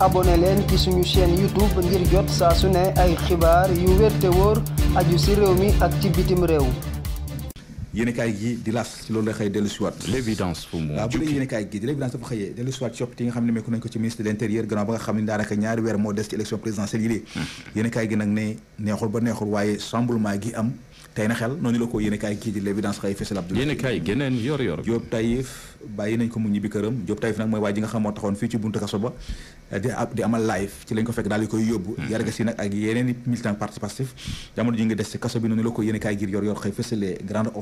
abonné leen ci suñu chaîne YouTube ngir jot saa su ne ay xibaar yu wér te wóor aju si réew mi ak ci bitim réew. yéenekaay gi di laas ci loolu la xëy dellu si waat l'évidence fu mu waaw bu dee yéenekaay gi xëyee dellu si waat ci yi nga xam ne meeku nañ ko ci ministre de l'intérieur gannaaw ba nga xam ne daanaka ñaari weer moo des ci élection présidentielle yi lée hmm. yéenekaay gi nag ne neexul ba neexul waaye chamboulement gi am tey na xel noonu la ko yéen a kaay kii di l'évidence xëy fësal Abdoulaye yéen mm-hmm. la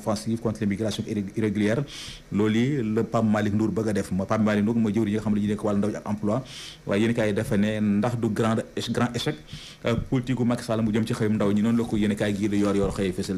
ko irrégulière loolu la Pape Malick Ndour bëgg def ma Pape Malick Ndour mooy jëwriñ yi nga xam ne ñu nekk wàllu ndaw ak emploi waaye yéen a kaay ne ndax du grand échec euh, politique u mu jëm ci xëyum ndaw ñi noonu la ko yéen a giir yor yor xëy fësale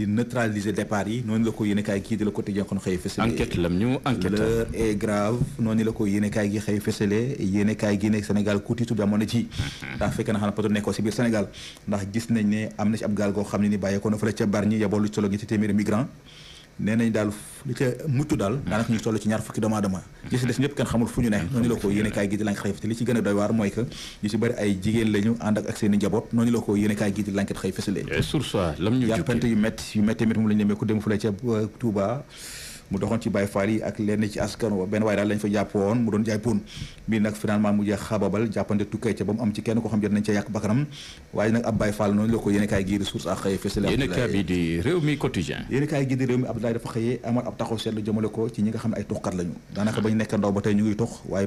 di neutraliser départ yi noonu la ko yéene kaay di la côté jànkoon xëy fësale enquête lam ñu enquête l'heure est noonu la ko yéene gi xëy fësale yéene kaay gi nekk Sénégal ku tiitu bi na ci ndax fekk na xanaa poto nekkoo si biir Sénégal ndax gis nañ ne am na ci ab gaal goo xam ne ni bàyyeekoo na fële ca Bargny yaboolu solo ñetti téeméeri migrant nee nañ daal li ca mucc daal daanaka ñu toll ci ñaar fukki doomu aadama ñi si des ñëpp kenn xamul fu ñu ne mm-hmm. noonu la ko yéene kaay lanket xëy te li ci gën a doy waar mooy que ñu si bëri ay jigéen lañu ànd ak ak seen i njaboot noonu yu métti yu métti tamit moom la demee ku dem fu la ca euh, Touba mu doxoon ci Baye Fall yi ak lenn ci askan wa benn waaye daal lañ fa jàpp mu doon jaay poon mbir nag finalement mu xababal jàppante tukkee ca ba mu am ci kenn ko xam jot nañ ca yàq bakkanam waaye nag ab Baye Fall noonu la ko yéen mhm. gii di réew mi xëyee amal ab taxaw nga a ko waaye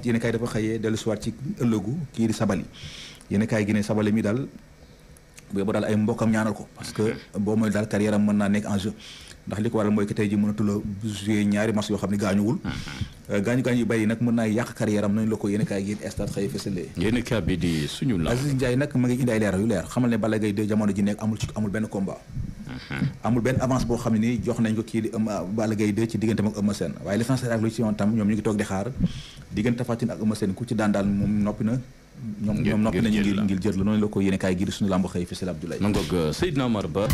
laaj yéen kaay dafa xëyee dellu siwaat ci ëllëgu kii di sabali yéen kaay gi ne sabali mi daal bu ba daal ay mbokkam ñaanal ko parce que boo mooy daal carrière am mën naa nekk en ndax li ko waral mooy que tey ji mënatula jouer ñaari match yoo xam ne gaañuwul mhm. euh, mën naa yàq carrière am nañ la ko yéen kaay gi stade xëy fësalee ma ngi indi ay xamal ne Balla Gaye 2 jamono ji nekk amul ci amul benn combat mhm. amul benn avance boo xam ne ni jox nañ ko kii di Balla Gaye 2 ci digganteem ak Eumeu Sène waaye l'essentiel ak lu ci yoon tam ñoom ñu ngi toog di xaar diggante Tapha Tine ak Eumeu Sène ku ci daan daal moom noppi na. ñoom ñoom noppi nañu ngir ngir jër la noonu la ko yéene kaay gir suñu làmb xëy fi Sëriñ Abdoulaye. Mangog euh, Seydina Omar Ba.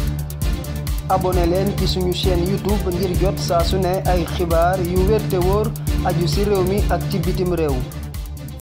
abonné leen ci suñu chaîne YouTube ngir jot saa su ne ay xibaar yu wér te wóor aju si réew mi ak ci bitim réew.